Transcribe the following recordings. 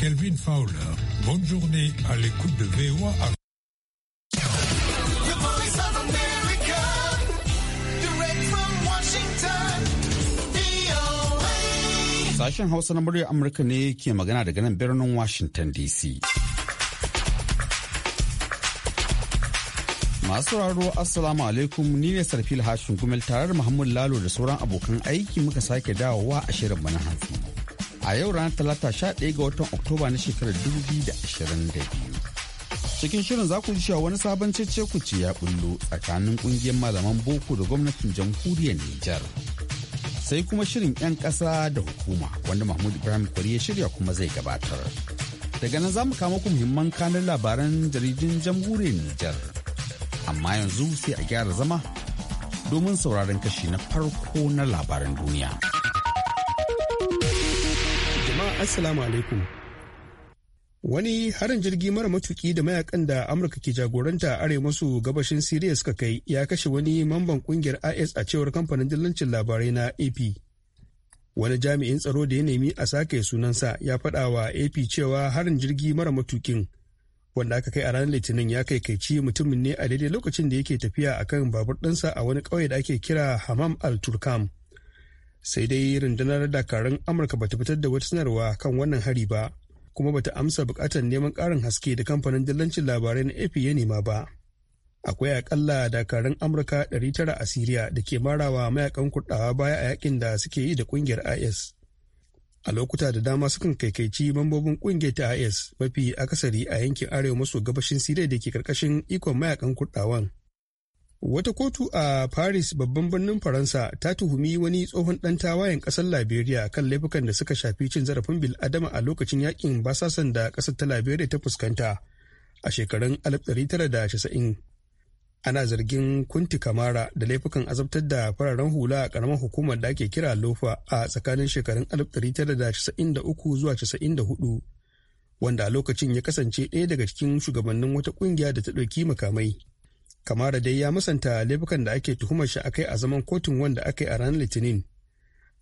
Kelvin Fowler. Bonne journée à l'écoute de VOA. Sashen Hausa na muryar Amurka ne ke magana daga nan birnin Washington DC. Masu raro Assalamu alaikum ni ne Sarfil Hashin Gumel tare da Muhammadu Lalo da sauran abokan aiki muka sake dawowa a shirin na hantsi. a yau ranar talata 11 ga watan oktoba na shekarar biyu. cikin shirin za ku ji cewa wani sabon cece ku ce ya bullo tsakanin kungiyar malaman boko da gwamnatin jamhuriyar nijar sai kuma shirin 'yan ƙasa da hukuma wanda mahmud ibrahim kwari ya shirya kuma zai gabatar daga nan za mu kama ku muhimman kanin labaran jaridun jamhuriyar nijar amma yanzu sai a gyara zama domin sauraron kashi na farko na labaran duniya. Assalamu alaikum. Wani harin jirgi mara matuki da mayakan da Amurka ke jagoranta arewa masu gabashin Siriya suka kai ya kashe wani mamban kungiyar IS a cewar kamfanin dillancin labarai na AP. Wani jami'in tsaro da ya nemi a sake sunansa ya faɗa wa AP cewa harin jirgi mara matukin wanda aka kai a ranar Litinin ya kai kaici mutumin ne a daidai lokacin da yake tafiya akan babur ɗinsa a wani ƙauye da ake kira Hamam al-Turkam. sai dai rundunar dakarun amurka bata fitar da wata sanarwa kan wannan hari ba kuma bata amsa bukatar neman karin haske da kamfanin dillancin labarai na ap ya nema ba akwai akalla dakarun amurka 900 a siriya da ke marawa mayakan kurdawa baya a yakin da suke yi da kungiyar is a lokuta da dama sukan kaikaici mambobin kungiyar ta is mafi akasari a yankin arewa maso gabashin siriya da ke karkashin ikon mayakan kurdawan Wata kotu a Paris babban birnin Faransa ta tuhumi wani tsohon ɗan tawayen ƙasar Liberia kan laifukan da suka shafi cin zarafin bil'adama a lokacin yakin basasan da ƙasar ta Liberia ta fuskanta a shekarun 1990. Ana zargin Kunti Kamara da laifukan azabtar da fararen hula a karamar hukumar da ake kira Lofa a tsakanin shekarun 1993 zuwa 94, wanda a lokacin ya kasance ɗaya daga cikin shugabannin wata ƙungiya da ta ɗauki makamai. kamara dai ya musanta laifukan da ake tuhumar shi akai a zaman kotun wanda aka yi a ranar litinin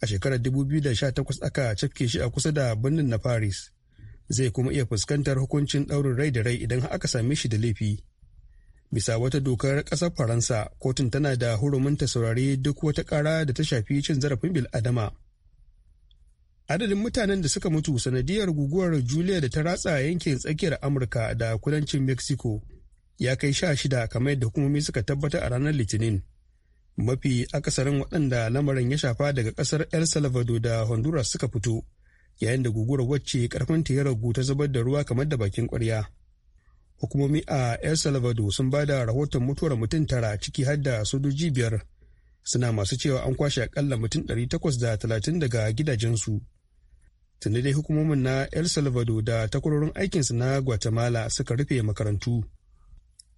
a shekarar 2018 aka cafke shi a kusa da birnin na paris zai kuma iya fuskantar hukuncin ɗaurin rai da rai idan aka same shi da laifi bisa wata dokar ƙasar faransa kotun tana da hurumin ta saurari duk wata kara da ta shafi cin zarafin bil'adama adadin mutanen da suka mutu sanadiyar guguwar juliya da ta ratsa yankin tsakiyar amurka da kudancin mexico ya kai sha shida kamar yadda hukumomi suka tabbatar a ranar litinin mafi akasarin waɗanda lamarin ya shafa daga ƙasar el salvador da honduras suka fito yayin da guguwar wacce ta ya ragu ta zubar da ruwa kamar da bakin ƙwarya hukumomi a el salvador sun ba da rahoton mutuwar mutum tara ciki har da sojoji biyar suna masu cewa an kwashe akalla mutum ɗari takwas da talatin daga gidajensu tunda dai hukumomin na el salvador da takwarorin aikinsu na guatemala suka rufe makarantu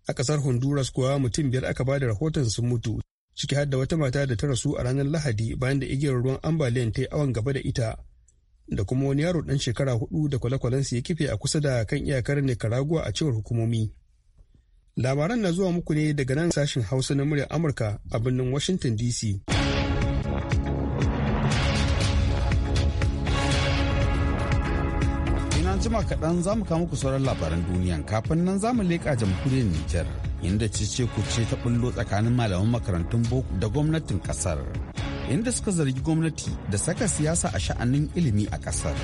a kasar honduras kuwa mutum biyar aka ba da rahoton sun mutu ciki har da wata mata da ta rasu a ranar lahadi bayan da igiyar ruwan ambaliyan ta yi awon gaba da ita da kuma wani yaro dan shekara hudu da kwale-kwalensa ya kife a kusa da kan iyakar nicaragua a cewar hukumomi labaran na zuwa muku ne daga nan sashen hausa na muryar amurka a birnin washington dc jima kaɗan za mu kawo sauran labaran duniya kafin nan za mu leƙa jamhuriyar Nijar inda cece ku ce ta bullo tsakanin malaman makarantun boko da gwamnatin ƙasar inda suka zargi gwamnati da saka siyasa a sha'anin ilimi a ƙasar.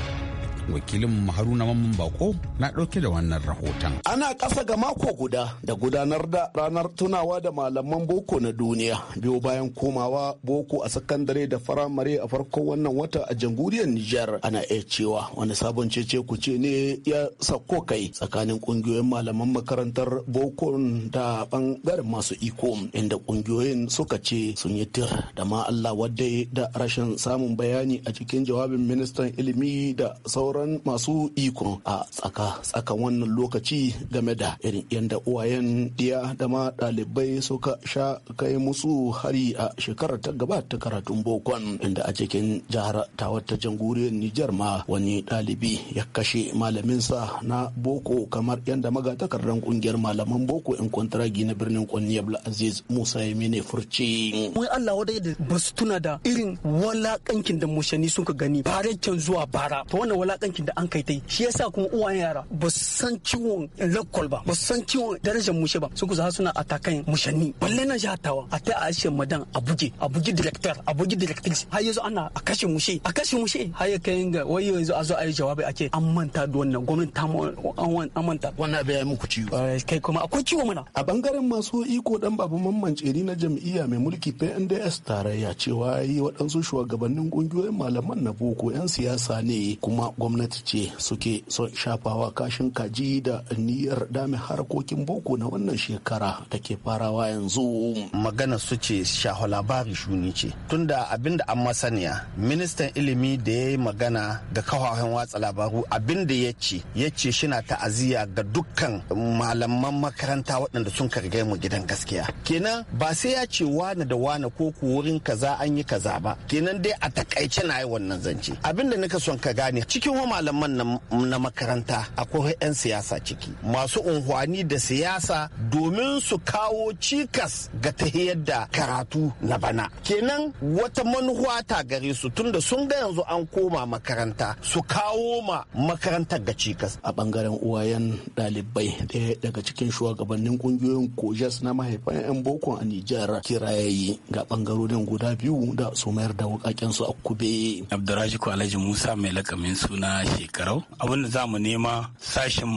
wakilin haruna mamman bako na ɗauke da wannan rahoton ana ƙasa ga mako guda da gudanar da ranar tunawa da malaman boko na duniya biyo bayan komawa boko a sakandare da firamare a farkon wannan wata a jamhuriyar niger ana iya cewa wani sabon cece ce ne ya sako kai tsakanin ƙungiyoyin malaman makarantar boko da ɓangaren masu iko inda ƙungiyoyin suka ce sun yi tir da ma allah wadda da rashin samun bayani a cikin jawabin ministan ilimi da sauran sauran masu iko a tsaka tsaka wannan lokaci game da irin yadda uwayen diya da ma ɗalibai suka sha kai musu hari a shekarar ta gaba ta karatun bokon inda a cikin jihar tawata wata janguriyar Nijar ma wani ɗalibi ya kashe malaminsa na boko kamar yadda magatakardan kungiyar malaman boko in kwantaragi na birnin Kwanni Aziz Musa mene Furci. Wai Allah da basu tuna da irin walakankin da mushani suka gani bare can zuwa bara to wannan wulaƙancin da an kai ta yi shi yasa kuma uwayen yara ba su san ciwon lakwal ba ba su san ciwon darajar mushe ba su kusa suna atakan mushanni balle na jihar tawa a ta ashe madan a buge a buge director a buge directrice har yanzu ana a kashe mushe a kashe mushe har ya kai ga wai yanzu a zo a yi jawabi ake an manta da wannan gwamnati ta an manta wannan abin ya yi muku ciwo eh, kai kuma akwai ciwo mana a bangaren masu iko dan babu mamman tseri na jam'iyya mai mulki PNDS tarayya cewa yi waɗansu shugabannin kungiyoyin malaman na boko 'yan siyasa ne kuma gwamnati ce suke son shafawa kashin kaji da niyyar dame harkokin boko na wannan shekara da ke farawa yanzu magana su ce shaho labari shuni ce tunda abinda an masaniya ministan ilimi da ya yi magana ga kafafen watsa labaru abinda ya ce ya ce shina ta'aziyya ga dukkan malaman makaranta waɗanda sun karga mu gidan gaskiya kenan ba sai ya ce wane da wane ko ku wurin kaza an yi kaza ba kenan dai a takaice na yi wannan zance abinda nika son ka gane cikin malaman na makaranta akwai 'yan siyasa ciki masu unhwani da siyasa domin su kawo cikas ga tahiyar da karatu na bana kenan wata manuwa ta gare su tunda sun ga yanzu an koma makaranta su kawo ma makarantar ga cikas a bangaren uwayen dalibai ɗaya daga cikin shugabannin kungiyoyin kojas na mahaifan 'yan boko a nijar kirayayi ga bangarorin guda biyu da su mayar da wukaken su a kube abdurraji alhaji musa mai lakamin suna na shekarau abinda za mu nema sashen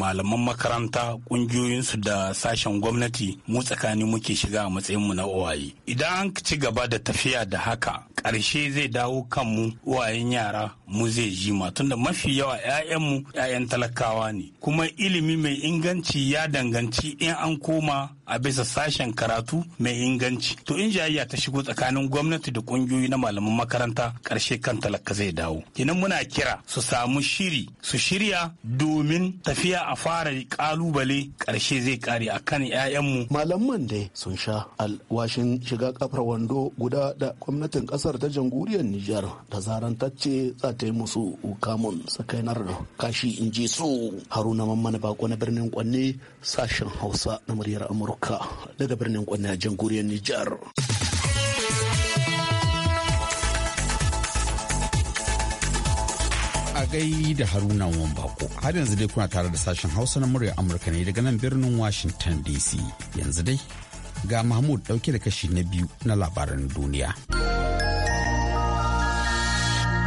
malaman makaranta kungiyoyinsu da sashen gwamnati mu tsakani muke shiga a mu na uwaye idan an ci gaba da tafiya da haka ƙarshe zai dawo kanmu uwayen yara mu zai ji ma tunda mafi yawa 'ya'yanmu 'ya'yan talakawa ne kuma ilimi mai inganci ya danganci in an koma a bisa sashen karatu mai inganci to in jayayya ta shigo tsakanin gwamnati da kungiyoyi na malaman makaranta karshe kan talaka zai dawo kenan muna kira su samu shiri su shirya domin tafiya a fara kalubale ƙarshe zai kare a kan 'ya'yanmu. Malaman dai sun sha alwashin shiga kafar wando guda da gwamnatin kasar ta jamhuriyar Nijar da zaran ce za ta yi musu kamun sakainar kashi in ji su. Haruna Mamman Bako na birnin Kwanne sashen Hausa na muryar Amurka daga birnin Kwanne a jamhuriyar Nijar. kai da Haruna wambako Har yanzu dai kuna tare da sashen Hausa na murya Amurka ne daga nan birnin Washington DC. Yanzu dai ga Mahmud dauke da kashi na biyu na labaran duniya.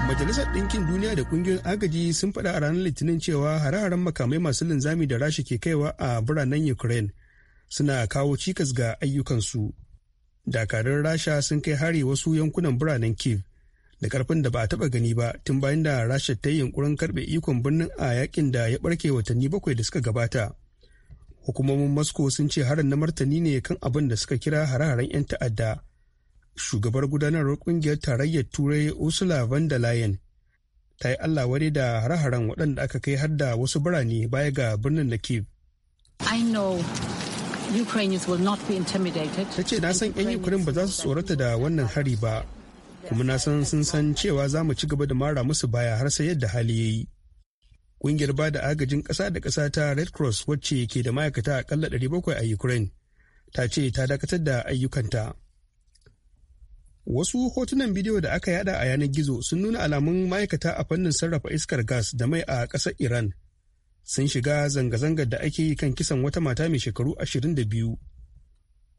Majalisar Ɗinkin Duniya da ƙungiyoyin agaji sun faɗa a ranar Litinin cewa hare-haren makamai masu linzami da rashi ke kaiwa a biranen Ukraine suna kawo cikas ga ayyukansu. Dakarun Rasha sun kai hari wasu yankunan biranen Kiev da karfin da ba a taba gani ba tun bayan da rasha ta yi yunkurin karbe ikon birnin a yakin da ya barke watanni bakwai da suka gabata hukumomin moscow sun ce harin na martani ne kan abin da suka kira hare-haren 'yan ta'adda shugabar gudanarwar kungiyar tarayyar turai ursula von der leyen ta yi allah ware da hare-haren waɗanda aka kai har da wasu birane baya ga birnin da kiev Ta ce na san 'yan Ukraine ba za su tsorata da wannan hari ba, kuma na san sun san cewa za mu ci gaba da mara musu baya har sai yadda hali ya yi. Ƙungiyar ba da agajin ƙasa da ƙasa ta Red Cross wacce ke da ma'aikata a ɗari 700 a Ukraine ta ce ta dakatar da ayyukanta. Wasu hotunan bidiyo da aka yada a yanar gizo sun nuna alamun ma'aikata a fannin sarrafa iskar gas da mai a ƙasar Iran sun shiga zanga-zangar da ake yi kan kisan wata mata mai shekaru 22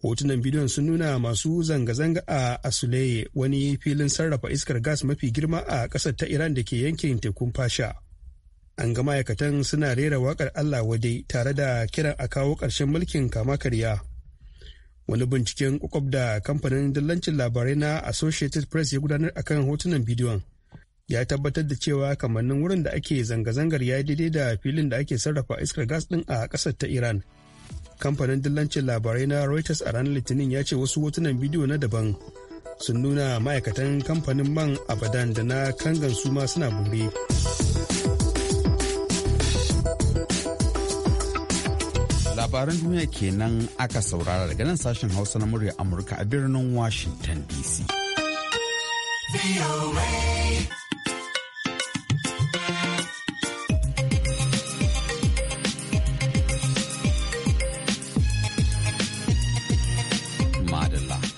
hotunan bidiyon sun nuna masu zanga-zanga a asuleye wani filin sarrafa iskar gas mafi girma a ƙasar ta iran da ke yankin tekun fasha an ga ma'aikatan suna rera waƙar allah wadai tare da kiran a kawo ƙarshen mulkin kama karya wani binciken kwakwab da kamfanin dillancin labarai na associated press ya gudanar akan hotunan bidiyon ya tabbatar da cewa kamannin wurin da ake zanga-zangar ya daidai da filin da ake sarrafa iskar gas ɗin a ƙasar ta iran kamfanin dillancin labarai na reuters a ranar litinin ya ce wasu hotunan bidiyo na daban sun nuna ma'aikatan kamfanin man abadan da na kangan su ma suna bure labaran duniya kenan aka saurara daga nan sashen hausa na murya amurka a birnin washington dc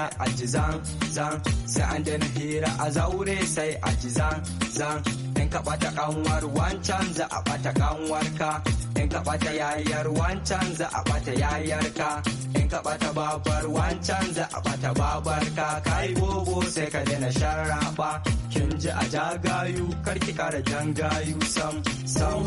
hira a ji zan zan sai an daina hira a zaure sai a ji zan zan in ka bata kanwar wancan za a bata kanwar ka in ka bata yayar wancan za a bata yayar ka in ka bata babar wancan za a bata babar ka kai bobo sai ka daina sharrafa kin ji a jagayu ki kara jangayu sam sam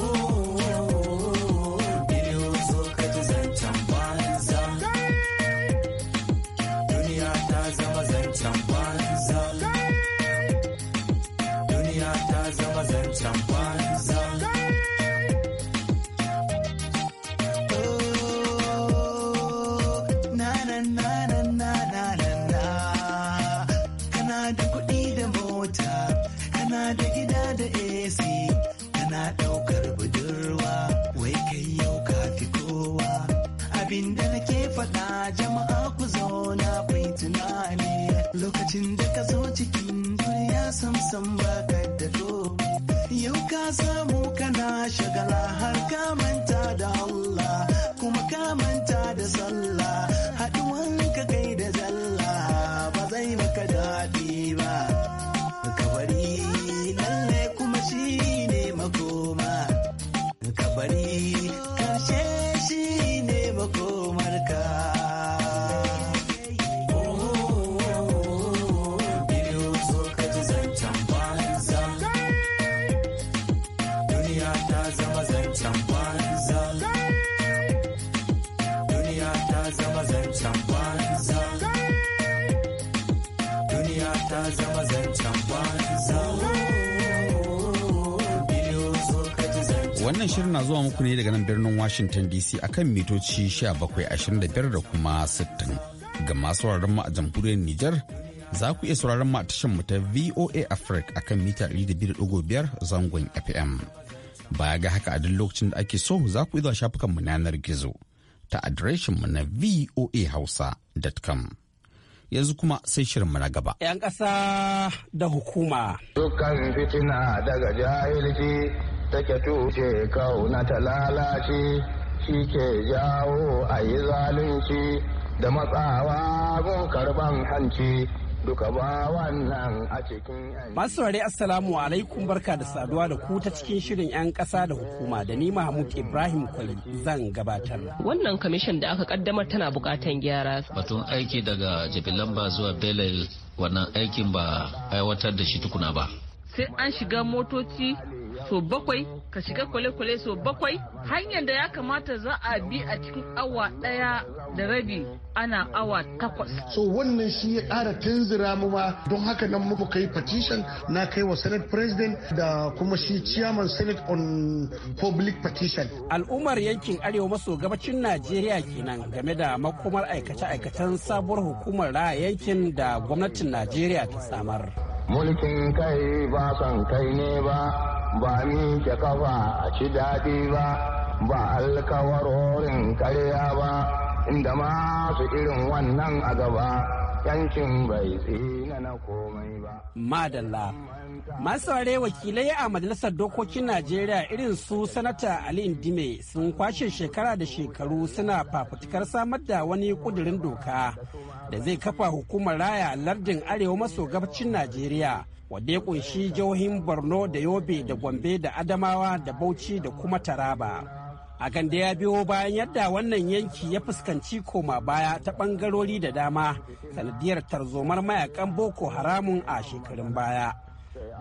ne daga nan birnin Washington DC akan mitoci 1725 da kuma 60. Ga masu mu a jamhuriyar Nijar za ku iya sauraron mu a tashar mu ta VOA Africa akan mita 200.5 zangon FM. Baya ga haka a duk lokacin da ake so za ku iya shafukan mu yanar gizo ta adireshin mu na voahausa.com. Yanzu kuma sai shirin mu na gaba. 'Yan ƙasa da hukuma. Dukkan fitina daga jahilci take tushe kauna ta lalace shi ke jawo a yi zalunci da matsawa gun karban hanci duka ba wannan a cikin masu saurari assalamu alaikum barka da saduwa da ku ta cikin shirin 'yan ƙasa da hukuma da ni mahmud ibrahim kwali zan gabatar wannan kamishin da aka kaddamar tana bukatan gyara batun aiki daga jabilan ba zuwa belel wannan aikin ba aiwatar da shi tukuna ba sai an shiga motoci so bakwai ka shiga kwale-kwale so bakwai hanyar da ya kamata za a bi a cikin awa ɗaya da rabi ana awa takwas. so wannan shi ya kara tunzura mu ma don haka nan muka kai petition na kai wa senate president da kuma shi chairman senate on public petition. al'ummar yankin arewa maso gabacin najeriya kenan game da makomar aikace-aikacen sabuwar hukumar raya yankin da gwamnatin najeriya ta samar. mulkin kai ba san kai ne ba ba mi ke kafa a ci daɗi ba ba alkawarorin karya ba inda masu irin wannan a gaba yankin bai tsina na komai ba. Madalla. Masu wakilai a Majalisar Dokokin Najeriya irin su Sanata Ali Indime sun kwashe shekara da shekaru suna fafutukar samar da wani kudirin doka da zai kafa hukumar raya lardin Arewa maso gabacin Najeriya wanda ya kunshi jihohin borno da yobe da gombe da adamawa da bauchi da kuma taraba a da ya biyo bayan yadda wannan yanki ya fuskanci koma baya ta bangarori da dama sanadiyar tarzomar mayakan boko haramun a shekarun baya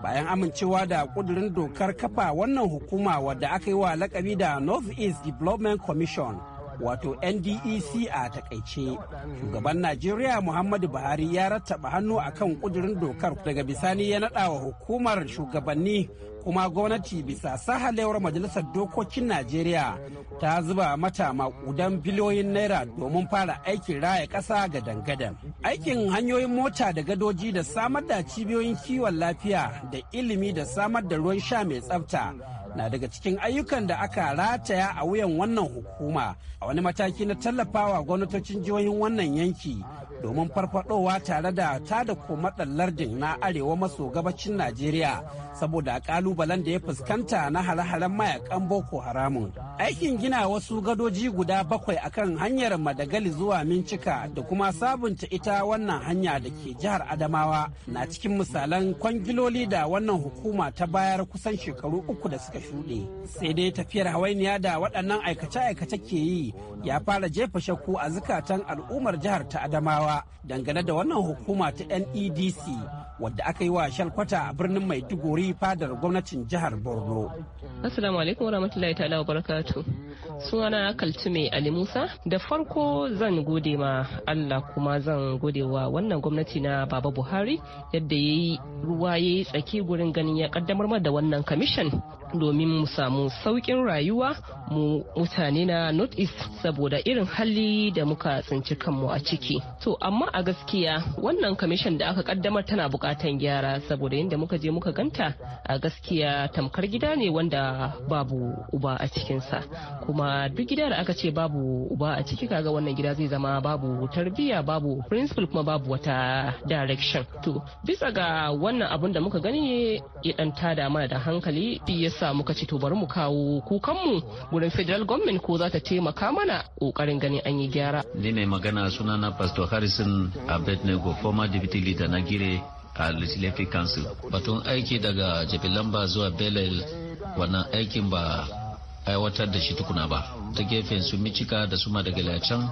bayan amincewa da kudurin dokar kafa wannan hukuma wadda aka yi wa lakabi da north east development commission wato ndec a takaice shugaban najeriya muhammadu buhari ya rattaba hannu akan kudirin dokar daga bisani ya naɗa wa hukumar shugabanni kuma gwamnati bisa sahalewar majalisar dokokin najeriya ta zuba mata makudan biliyoyin naira domin fara aikin raya ƙasa ga dangadan aikin hanyoyin mota da gadoji da samar da cibiyoyin kiwon lafiya da ilimi da samar da ruwan sha mai tsafta na daga cikin ayyukan da aka rataya a wuyan wannan hukuma a wani mataki na tallafawa gwamnatocin jihohin wannan yanki domin farfadowa tare da tada komadar lardin na arewa maso gabacin najeriya saboda kalubalen da ya fuskanta na hare-haren mayakan boko haramun aikin gina wasu gadoji guda bakwai akan hanyar madagali zuwa mincika da kuma sabunta ita wannan hanya da ke jihar adamawa na cikin misalan kwangiloli da wannan hukuma ta bayar kusan shekaru uku da suka shuɗe sai dai tafiyar hawainiya da waɗannan aikace-aikace ke yi ya fara jefa shakku a zukatan al'ummar jihar ta adamawa Jigawa dangane da wannan hukuma ta NEDC wadda aka yi wa shalkwata a birnin Maiduguri fadar gwamnatin jihar Borno. Assalamu alaikum warahmatullahi ta'ala wa barakatu. Sunana Kaltume Ali Musa da farko zan gode ma Allah kuma zan gode wa wannan gwamnati na Baba Buhari yadda ya yi ruwa ya yi tsaki gurin ganin ya kaddamar da wannan kamishin domin mu samu saukin rayuwa mu mutane na north east saboda irin hali da muka tsinci kanmu a ciki to amma a gaskiya wannan kamishin da aka kaddamar tana bukatan gyara saboda yadda muka je muka ganta a gaskiya tamkar gida ne wanda babu uba a cikinsa kuma duk gida da aka ce babu uba a ciki kaga wannan gida zai zama babu tarbiyya babu principal kuma babu wata direction to bisa ga wannan abun da muka gani ya dan tada mana da hankali yasa sa muka ce to bari mu kawo kukanmu wurin federal government ko za ta taimaka mana kokarin ganin an yi gyara. Ni mai magana sunana Pastor Harrison Abednego, former deputy leader na gire a Legislative Council. Batun aiki daga Jabilamba zuwa Belel wannan aikin ba aiwatar da shi tukuna ba. Ta gefen su Michika da suma daga Lacan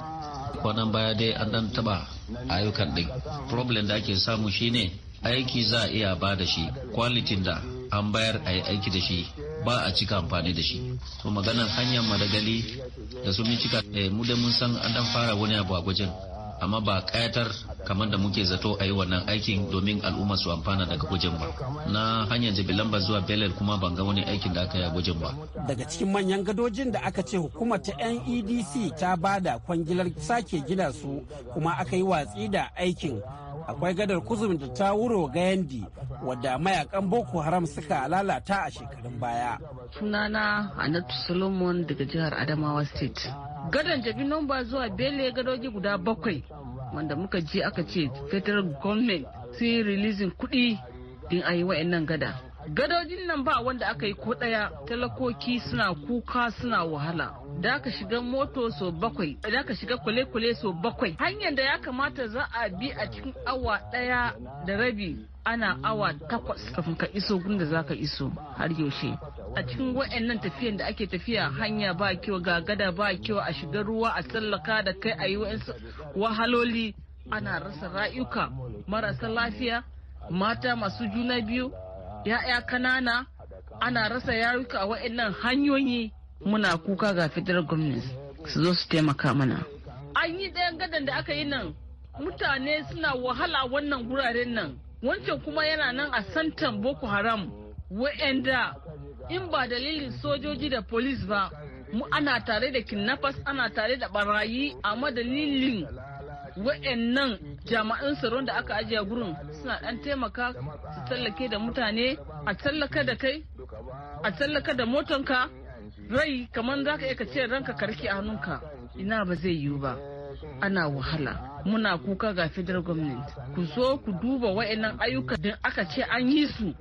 kwanan baya dai an dan taba ayyukan din. Problem da ake samu shine aiki za a iya ba da shi kwalitin da an bayar a yi aiki da shi ba a cika amfani da shi to maganar hanyar madagali da su cika eh, mu da mun san an dan fara wani abu a gwajin amma ba kayatar kamar da muke zato a yi wannan aikin domin al'umma su amfana daga gwajin ba na hanyar jabilamba zuwa belel kuma ban ga wani aikin da aka yi a gwajin ba daga cikin manyan gadojin da aka ce hukumar ta nedc ta bada kwangilar sake gina su kuma aka yi watsi da aikin akwai gadar kuzum da ta wuro gayandi wadda mayakan boko haram suka lalata a shekarun baya sunana anatu solomon daga jihar adamawa state gadon jabi nomba zuwa bele gadoji guda bakwai wanda muka je aka ce federal government sun yi releasing kuɗi din a yi wa'annan gada gadojin nan ba wanda aka yi ko ɗaya talakoki suna kuka suna wahala da ka shiga moto so bakwai da ka shiga kule-kule so bakwai hanyar da ya kamata za a bi a cikin awa ɗaya da rabi ana awa takwas kafin ka iso gunda za ka iso har yaushe a cikin wa'annan tafiyan da ake tafiya hanya ba kyau ga gada ba kyau a shiga ruwa a tsallaka da kai a yi wahaloli ana rasa rayuka marasa lafiya mata masu juna biyu ya'ya kanana ana rasa yaruka a wa'annan hanyoyi muna kuka ga federal government su zo su taimaka mana an yi ɗayan gadon da aka yi nan mutane suna wahala wannan wuraren nan wancan kuma yana nan a santan boko haram wa'anda in ba dalilin sojoji da polis ba mu ana tare da kidnappers ana tare da barayi amma dalilin wa'annan jama'an tsaron da aka ajiye gurin suna dan taimaka su tallake da mutane a tallaka da kai a tallaka da motonka rai kamar za ka iya ce ranka karki a hannunka ina ba zai yiwu ba ana wahala muna kuka ga federal government ku zo ku duba wa'annan ayyukan da aka ce an yi su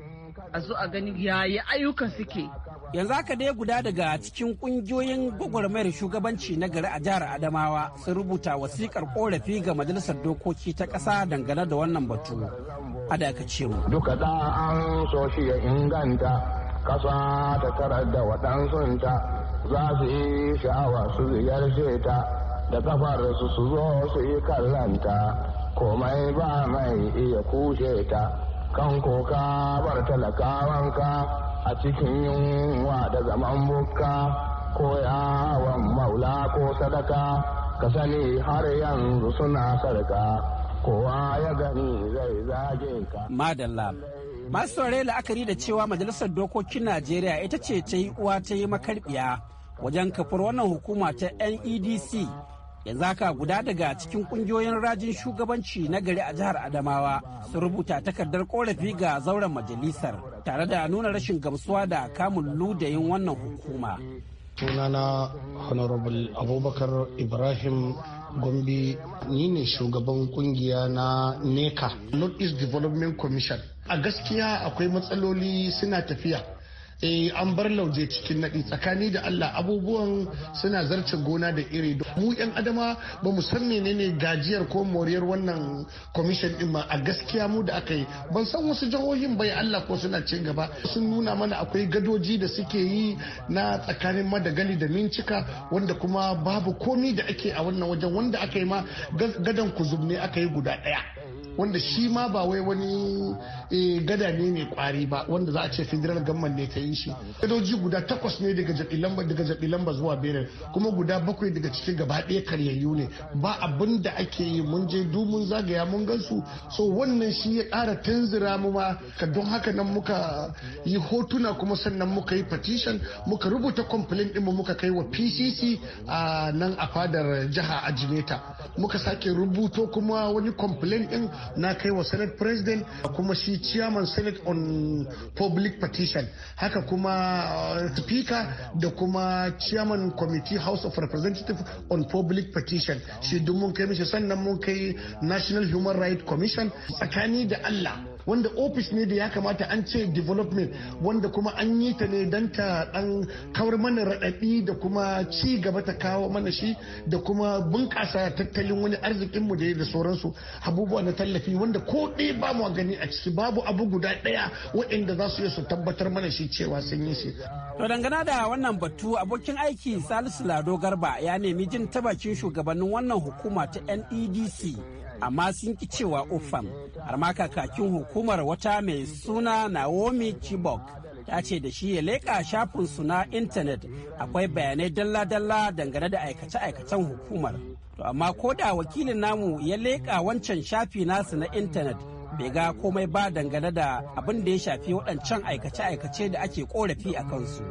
a zo a gani yaya ayyukan suke yanzu haka dai guda daga cikin kungiyoyin gwagwarmayar shugabanci na gari a jihar adamawa sun rubuta wasikar korafi ga majalisar dokoki ta kasa dangane da wannan batu a dakace duka da an so shi ya inganta ƙasa ta tarar da waɗansunta za su yi sha'awa su ziyarce ta da kafar su su zo su yi kallanta komai ba mai iya kushe ta kan koka bar talakawanka a cikin yunwa da zaman bukka ko yawon maula ko sadaka ka sani har yanzu suna sarka kowa ya gani zai zage ka. Madalla. Masu saurari la'akari da cewa Majalisar Dokokin Najeriya ita ce ta yi uwa ta yi makarbiya wajen kafar wannan hukuma ta NEDC yanzu haka guda daga cikin kungiyoyin rajin shugabanci na gari a jihar adamawa su rubuta takardar korafi ga zauren majalisar tare da nuna rashin gamsuwa da kamun ludayin wannan hukuma sunana honorable abubakar ibrahim gombe ni ne shugaban kungiya na neca north east development commission a gaskiya akwai matsaloli suna tafiya eh an bar lauje cikin naɗi tsakani da Allah abubuwan suna zarce gona da iri mu yan adama ba mu san menene gajiyar ko moriyar wannan commission din ma a gaskiya mu da aka yi ban san wasu jihohin bai Allah ko suna cin gaba sun nuna mana akwai gadoji da suke yi na tsakanin madagali da mincika wanda kuma babu komi da ake a wannan wajen wanda aka yi ma gadon kuzum ne aka yi guda ɗaya wanda shi ma ba wai wani eh, gada ne mai kwari ba wanda za a ce federal government ne ta yi shi gadoji guda takwas ne daga jabilamba daga jabilamba zuwa benin kuma guda bakwai daga cikin gaba ɗaya karyayyu ne ba abin da ake yi mun je dumun zagaya mun gansu so wannan shi ya kara tanzira mu ma ka don haka nan muka yi hotuna kuma sannan muka yi petition muka rubuta complaint ɗin muka kai wa pcc a nan a fadar jiha a muka sake rubuto kuma wani complaint ɗin na kai wa senate president kuma shi chairman senate on public petition haka kuma uh, speaker da kuma chairman committee house of representative on public petition shi duk mun kai mishi sannan mun kai national human rights commission tsakani da allah wanda ofis ne da ya kamata an ce development wanda kuma an yi ta ne don ta dan kawar mana raɗaɗi da kuma ci gaba ta kawo mana shi da kuma bunƙasa tattalin wani arzikin mu da da sauransu abubuwa na tallafi wanda ko ɗaya ba mu gani a ciki babu abu guda ɗaya waɗanda za su iya su tabbatar mana shi cewa sun yi shi. To dangana da wannan batu abokin aiki Salisu Lado Garba ya nemi jin ta bakin shugabannin wannan hukuma ta NEDC amma sun ki cewa ufam har ma kakakin hukumar wata mai suna naomi chibok ta ce da shi ya leƙa shafin su na intanet akwai bayanai dalla-dalla dangane da aikace-aikacen hukumar to amma ko da wakilin namu ya leƙa wancan shafi nasu na intanet bai ga komai ba dangane da abin da ya shafi waɗancan aikace-aikace da ake korafi a kansu.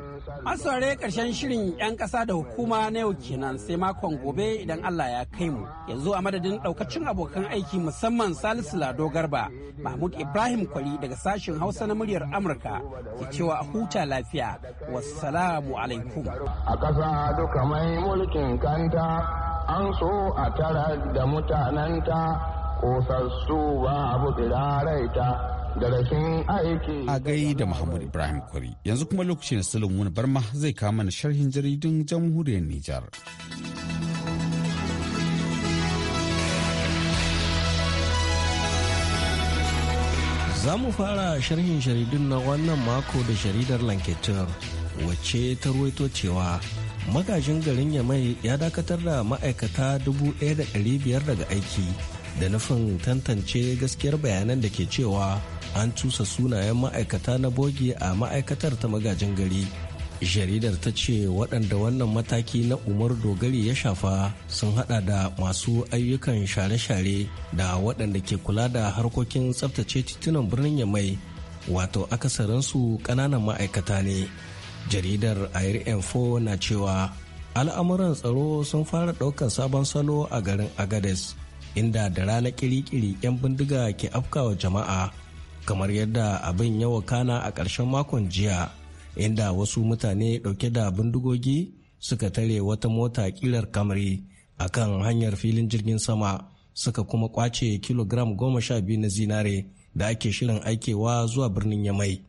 An saurare ƙarshen shirin 'yan ƙasa da hukuma na yau kenan sai makon gobe idan Allah ya kai mu. Yanzu a madadin ɗaukacin abokan aiki musamman Salisu Lado Garba, Mahmud Ibrahim Kwali daga sashen Hausa na muryar Amurka ke cewa a huta lafiya. Wassalamu alaikum. A ƙasa duka mai mulkin kanta an so a tara da mutanenta kosassu ba abu tsiraraita da aiki. A gai da muhammadu Ibrahim Kwari yanzu kuma lokacin silin wani barma zai kama na sharhin jaridun jamhuriyar Nijar. Za mu fara sharhin jaridun na wannan mako da jaridar Lanketur wacce ta ruwaito cewa magajin garin Yamai ya dakatar da ma'aikata 1,500 daga aiki da nufin tantance gaskiyar bayanan da ke cewa an tusa sunayen ma'aikata na bogi a ma'aikatar ta magajin gari jaridar ta ce waɗanda wannan mataki na umar dogari ya shafa sun hada da masu ayyukan share-share da waɗanda ke kula da harkokin tsaftace titunan birnin yamai wato akasarinsu ƙananan ma'aikata ne jaridar air info na cewa al'amuran tsaro sun fara ɗaukar sabon salo a garin agades inda da rana kirikiri 'yan bindiga ke afkawa jama'a kamar yadda abin ya wa-kana a ƙarshen makon jiya inda wasu mutane ɗauke da bindigogi suka tare wata mota ƙilar kamari a kan hanyar filin jirgin sama suka kuma kwace kilogram goma sha biyu na zinare da ake shirin aikewa zuwa birnin yamai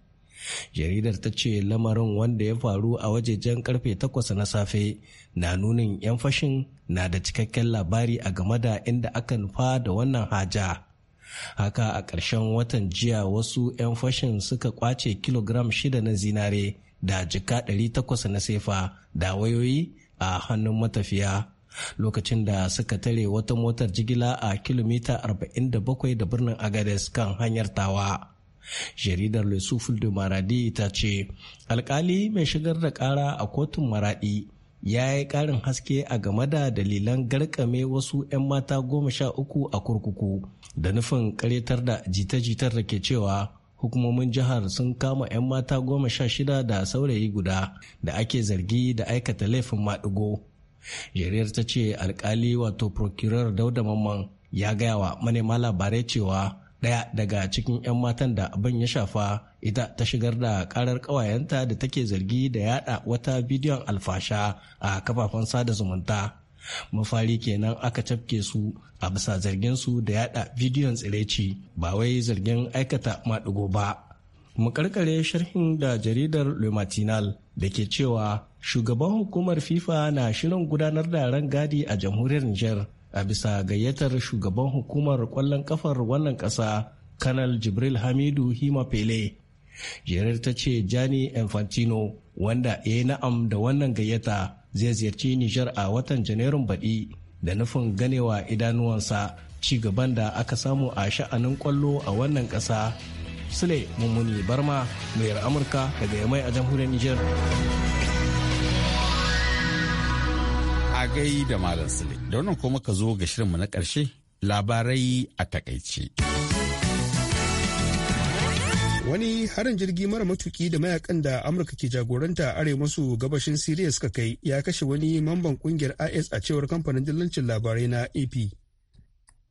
jaridar ta ce lamarin wanda ya faru a wajejen karfe 8 na safe na nunin 'yan fashin na da cikakken labari a game da inda akan nufa da wannan haja haka a ƙarshen watan jiya wasu 'yan fashin suka kwace kilogram shida na zinare da jika 800 na sefa da wayoyi a hannun matafiya lokacin da suka tare wata motar jigila a kilomita 47 da birnin agades kan hanyar tawa jaridar le suful de maradi ta ce alkali mai shigar da kara a kotun maradi ya yi karin haske a game da dalilan garkame wasu 'yan mata goma sha uku a kurkuku da nufin karetar da jita-jitar da ke cewa hukumomin jihar sun kama 'yan mata goma sha shida da saurayi guda da ake zargi da aikata laifin maɗigo jariyar ta ce alkali wato procurer dauda mamman ya gaya wa manema labarai cewa Daya daga cikin 'yan matan da abin ya shafa ita ta shigar da karar ƙawayenta da take zargi da yada wata bidiyon alfasha a kafafen sada zumunta. Mafari kenan aka cafke su a bisa zargin su da yada bidiyon tsireci ba wai zargin aikata maɗigo ba. Mu Mukarkare sharhin da jaridar Le Matinal da ke cewa shugaban hukumar FIFA na shirin gudanar da rangadi a jamhuriyar Niger. a bisa gayyatar shugaban hukumar kwallon kafar wannan kasa kanal jibril hamidu hima pele jerar ta ce jani infantino wanda ya yi na'am da wannan gayyata zai ziyarci nijar a watan janairun baɗi da nufin ganewa idanuwansa ci gaban da aka samu a sha'anin kwallo a wannan ƙasa sule mummuni barma muyar amurka daga yamai a jamhuriyar nijar A gai da Malam Sule. Da wannan kuma ka zo ga shirinmu na ƙarshe labarai a takaice. Wani harin jirgi mara matuki da mayakan da Amurka ke jagoranta arewa masu gabashin Siriya suka kai ya kashe wani mamban kungiyar IS a cewar kamfanin dillancin labarai na AP.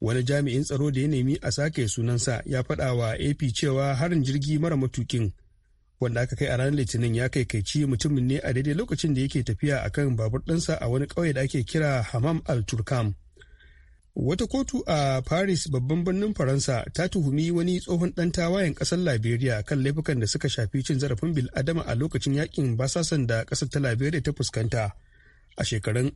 Wani jami'in tsaro da ya nemi a sake sunansa ya faɗa wa AP cewa harin jirgi mara matukin wanda aka kai a ranar litinin ya kai ci mutumin ne a daidai lokacin da yake tafiya a kan babur ɗinsa a wani ƙauye da ake kira hamam al turkam wata kotu a paris babban birnin faransa ta tuhumi wani tsohon ɗan tawayen ƙasar liberia kan laifukan da suka shafi cin zarafin bil adama a lokacin yakin basasan da ƙasar ta liberia ta fuskanta a shekarun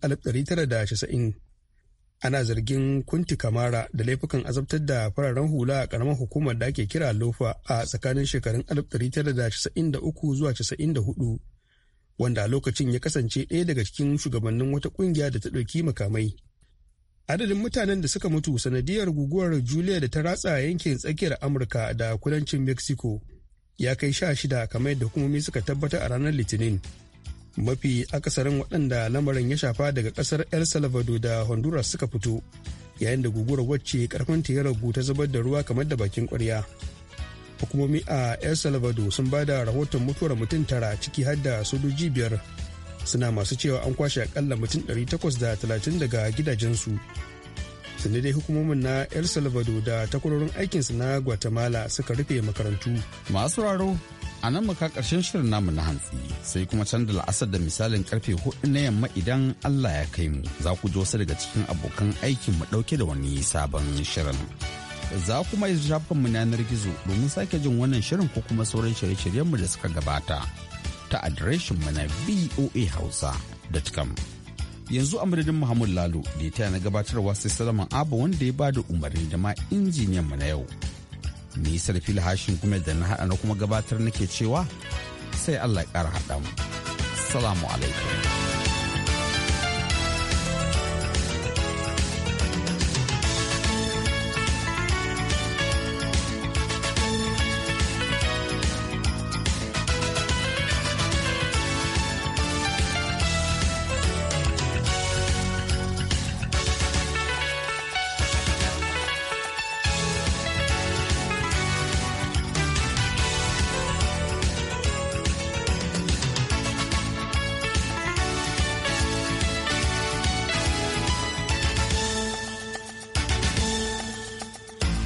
ana zargin kunti kamara da laifukan azabtar da fararen hula a karamar hukumar da ake kira lofa a tsakanin shekarun 1993 zuwa 94 wanda a lokacin ya kasance ɗaya daga cikin shugabannin wata ƙungiya da ta ɗauki makamai adadin mutanen da suka mutu sanadiyar guguwar julia da ta ratsa yankin tsakiyar amurka da kudancin mexico ya kai sha shida kamar yadda hukumomi suka tabbatar a ranar litinin mafi akasarin waɗanda lamarin ya shafa daga ƙasar el salvador da honduras suka fito yayin da guguwar wacce karfinta ya ragu ta zubar da ruwa kamar da bakin ƙwarya hukumomi a el salvador sun ba da rahoton mutuwar mutum tara ciki har da sojoji biyar suna masu cewa an kwashe akalla mutum 830 daga gidajensu tunda dai hukumomin na el salvador da takwarorin aikinsu na guatemala suka rufe makarantu masu raro a nan muka karshen shirin namu na hantsi sai kuma can da la'asar da misalin karfe hudu na yamma idan allah ya kai mu za ku ji wasu daga cikin abokan aikin mu dauke da wani sabon shirin za kuma yi shafin mu yanar gizo domin sake jin wannan shirin ko kuma sauran shirye-shiryen mu da suka gabata ta adireshin mu na voa hausa.com yanzu a madadin Muhammad Lalo da ya na gabatarwa sai Salaman abu wanda ya bada umarni da ma injiniyan mu na yau. Ni Sarfil Hashin kuma da na haɗa na kuma gabatar nake cewa sai Allah ya ƙara haɗa mu. Salamu alaikum.